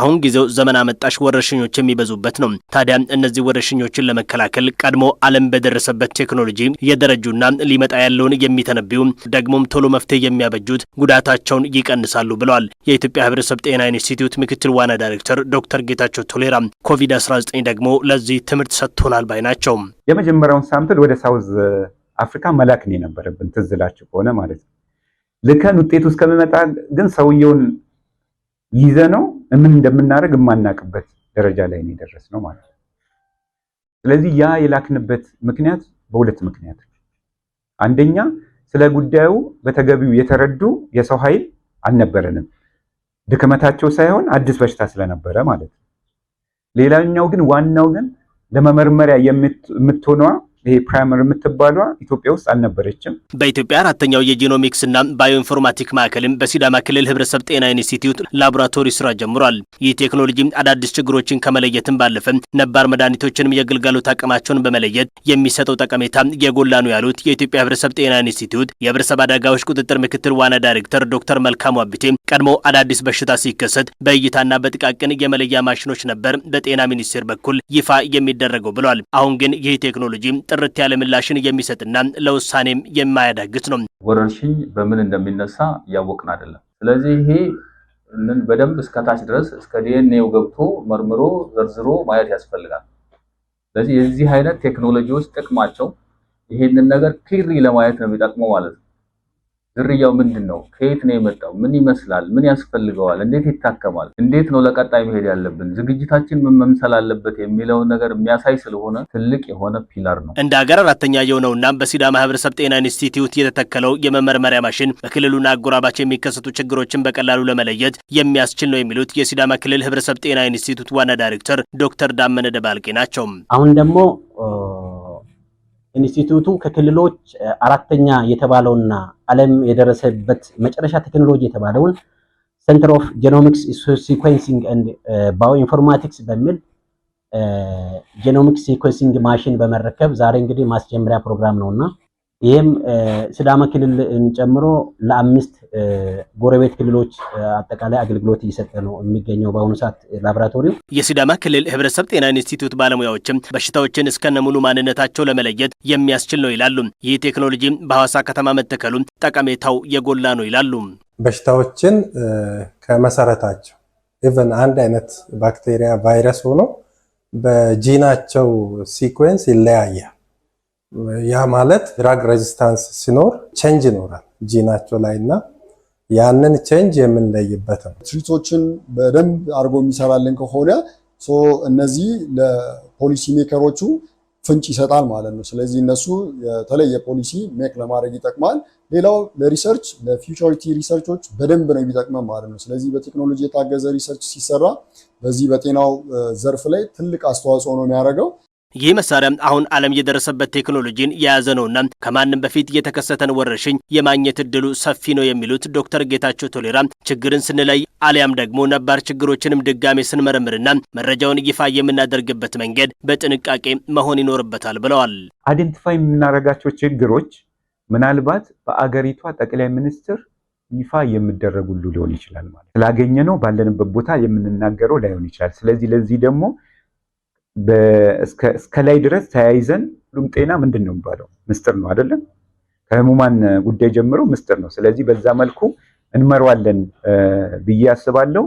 አሁን ጊዜው ዘመን አመጣሽ ወረርሽኞች የሚበዙበት ነው። ታዲያ እነዚህ ወረርሽኞችን ለመከላከል ቀድሞ ዓለም በደረሰበት ቴክኖሎጂ እየደረጁና ሊመጣ ያለውን የሚተነብዩ ደግሞም ቶሎ መፍትሄ የሚያበጁት ጉዳታቸውን ይቀንሳሉ ብለዋል የኢትዮጵያ ሕብረተሰብ ጤና ኢንስቲትዩት ምክትል ዋና ዳይሬክተር ዶክተር ጌታቸው ቶሌራ። ኮቪድ-19 ደግሞ ለዚህ ትምህርት ሰጥቶናል ባይ ናቸው። የመጀመሪያውን ሳምፕል ወደ ሳውዝ አፍሪካ መላክ ነው የነበረብን ትዝ ከሆነ ማለት ነው። ልከን ውጤቱ እስከሚመጣ ግን ሰውየውን ይዘ ነው ምን እንደምናደርግ የማናቅበት ደረጃ ላይ ነው የደረስነው ማለት ነው። ስለዚህ ያ የላክንበት ምክንያት በሁለት ምክንያት አንደኛ ስለ ጉዳዩ በተገቢው የተረዱ የሰው ኃይል አልነበረንም። ድክመታቸው ሳይሆን አዲስ በሽታ ስለነበረ ማለት ነው። ሌላኛው ግን ዋናው ግን ለመመርመሪያ የምትሆነዋ ይሄ ፕራይመር የምትባሏ ኢትዮጵያ ውስጥ አልነበረችም። በኢትዮጵያ አራተኛው የጂኖሚክስ እና ባዮኢንፎርማቲክ ማዕከልም በሲዳማ ክልል ህብረተሰብ ጤና ኢንስቲትዩት ላቦራቶሪ ስራ ጀምሯል። ይህ ቴክኖሎጂ አዳዲስ ችግሮችን ከመለየትም ባለፈ ነባር መድኃኒቶችንም የግልጋሎት አቅማቸውን በመለየት የሚሰጠው ጠቀሜታ የጎላ ነው ያሉት የኢትዮጵያ ህብረተሰብ ጤና ኢንስቲትዩት የህብረተሰብ አደጋዎች ቁጥጥር ምክትል ዋና ዳይሬክተር ዶክተር መልካሙ አብቴ ቀድሞ አዳዲስ በሽታ ሲከሰት በእይታና በጥቃቅን የመለያ ማሽኖች ነበር በጤና ሚኒስቴር በኩል ይፋ የሚደረገው ብሏል። አሁን ግን ይህ ቴክኖሎጂ ጥርት ያለ ምላሽን የሚሰጥና ለውሳኔም የማያዳግት ነው። ወረርሽኝ በምን እንደሚነሳ እያወቅን አይደለም። ስለዚህ ይሄ በደንብ እስከታች ድረስ እስከ ዲኤንኤው ገብቶ መርምሮ ዘርዝሮ ማየት ያስፈልጋል። ስለዚህ የዚህ አይነት ቴክኖሎጂዎች ጥቅማቸው ይሄንን ነገር ክሪ ለማየት ነው የሚጠቅመው ማለት ነው። ዝርያው ምንድን ነው? ከየት ነው የመጣው? ምን ይመስላል? ምን ያስፈልገዋል? እንዴት ይታከማል? እንዴት ነው ለቀጣይ መሄድ ያለብን? ዝግጅታችን ምን መምሰል አለበት የሚለውን ነገር የሚያሳይ ስለሆነ ትልቅ የሆነ ፒላር ነው። እንደ ሀገር አራተኛ የሆነው እና በሲዳማ ማህበረሰብ ጤና ኢንስቲትዩት የተተከለው የመመርመሪያ ማሽን በክልሉና አጎራባች የሚከሰቱ ችግሮችን በቀላሉ ለመለየት የሚያስችል ነው የሚሉት የሲዳማ ክልል ህብረሰብ ጤና ኢንስቲትዩት ዋና ዳይሬክተር ዶክተር ዳመነ ደባልቄ ናቸው። አሁን ደግሞ ኢንስቲትዩቱ ከክልሎች አራተኛ የተባለውና ዓለም የደረሰበት መጨረሻ ቴክኖሎጂ የተባለውን ሴንተር ኦፍ ጄኖሚክስ ሲኮንሲንግ ኤንድ ባዮ ኢንፎርማቲክስ በሚል ጄኖሚክስ ሲኮንሲንግ ማሽን በመረከብ ዛሬ እንግዲህ ማስጀመሪያ ፕሮግራም ነውና ይህም ሲዳማ ክልልን ጨምሮ ለአምስት ጎረቤት ክልሎች አጠቃላይ አገልግሎት እየሰጠ ነው የሚገኘው በአሁኑ ሰዓት ላቦራቶሪው። የሲዳማ ክልል ህብረተሰብ ጤና ኢንስቲትዩት ባለሙያዎችም በሽታዎችን እስከነ ሙሉ ማንነታቸው ለመለየት የሚያስችል ነው ይላሉ። ይህ ቴክኖሎጂ በሐዋሳ ከተማ መተከሉ ጠቀሜታው የጎላ ነው ይላሉ። በሽታዎችን ከመሰረታቸው ኢቨን አንድ አይነት ባክቴሪያ ቫይረስ ሆኖ በጂናቸው ሲኩዌንስ ይለያያል ያ ማለት ድራግ ሬዚስታንስ ሲኖር ቼንጅ ይኖራል ጂናቸው ላይ እና ያንን ቼንጅ የምንለይበት ነው። ትሪቶችን በደንብ አድርጎ የሚሰራልን ከሆነ እነዚህ ለፖሊሲ ሜከሮቹ ፍንጭ ይሰጣል ማለት ነው። ስለዚህ እነሱ የተለየ ፖሊሲ ሜክ ለማድረግ ይጠቅማል። ሌላው ለሪሰርች ለፊውቸሪቲ ሪሰርቾች በደንብ ነው የሚጠቅመን ማለት ነው። ስለዚህ በቴክኖሎጂ የታገዘ ሪሰርች ሲሰራ በዚህ በጤናው ዘርፍ ላይ ትልቅ አስተዋጽኦ ነው የሚያደርገው። ይህ መሳሪያ አሁን ዓለም የደረሰበት ቴክኖሎጂን የያዘ ነውና ከማንም በፊት የተከሰተን ወረርሽኝ የማግኘት እድሉ ሰፊ ነው የሚሉት ዶክተር ጌታቸው ቶሌራ ችግርን ስንለይ አሊያም ደግሞ ነባር ችግሮችንም ድጋሜ ስንመረምርና መረጃውን ይፋ የምናደርግበት መንገድ በጥንቃቄ መሆን ይኖርበታል ብለዋል። አይደንቲፋይ የምናደርጋቸው ችግሮች ምናልባት በአገሪቷ ጠቅላይ ሚኒስትር ይፋ የምደረጉሉ ሊሆን ይችላል ማለት ስላገኘ ነው ባለንበት ቦታ የምንናገረው ላይሆን ይችላል። ስለዚህ ለዚህ ደግሞ እስከ ላይ ድረስ ተያይዘን ሁሉም ጤና ምንድን ነው የሚባለው ምስጢር ነው አይደለም? ከህሙማን ጉዳይ ጀምሮ ምስጢር ነው። ስለዚህ በዛ መልኩ እንመሯለን ብዬ አስባለሁ።